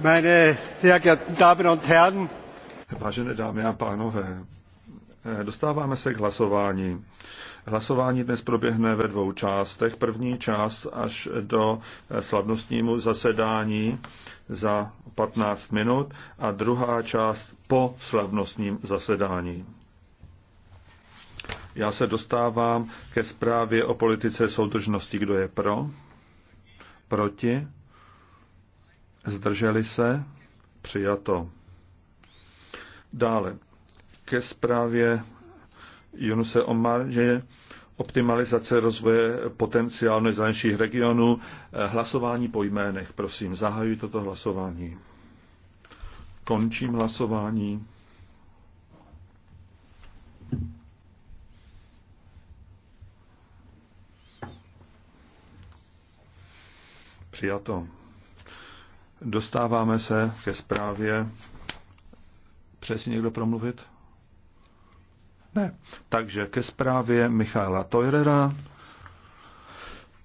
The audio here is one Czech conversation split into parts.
Meine sehr geehrten Damen und Herren. Vážené dámy a pánové, eh, dostáváme se k hlasování. Hlasování dnes proběhne ve dvou částech. První část až do eh, slavnostnímu zasedání za 15 minut a druhá část po slavnostním zasedání. Já se dostávám ke zprávě o politice soudržnosti. Kdo je pro? Proti? zdrželi se, přijato. Dále ke zprávě Junuse Omar, že optimalizace rozvoje potenciálu nejzelenějších regionů. Eh, hlasování po jménech, prosím, zahajuji toto hlasování. Končím hlasování. Přijato. Dostáváme se ke zprávě. Přeje si někdo promluvit? Ne. Takže ke zprávě Michaela Teurera.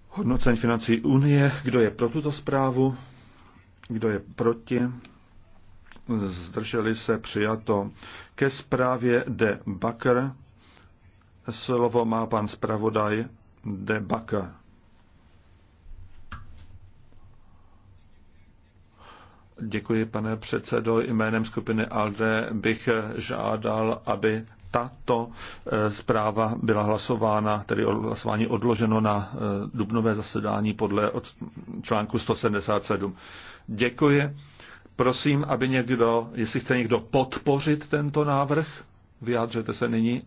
Hodnocení financí Unie. Kdo je pro tuto zprávu? Kdo je proti? Zdrželi se přijato. Ke zprávě De Bakr. Slovo má pan zpravodaj De Bakr. Děkuji, pane předsedo. Jménem skupiny ALDE bych žádal, aby tato e, zpráva byla hlasována, tedy hlasování odloženo na e, dubnové zasedání podle článku 177. Děkuji. Prosím, aby někdo, jestli chce někdo podpořit tento návrh, vyjádřete se nyní.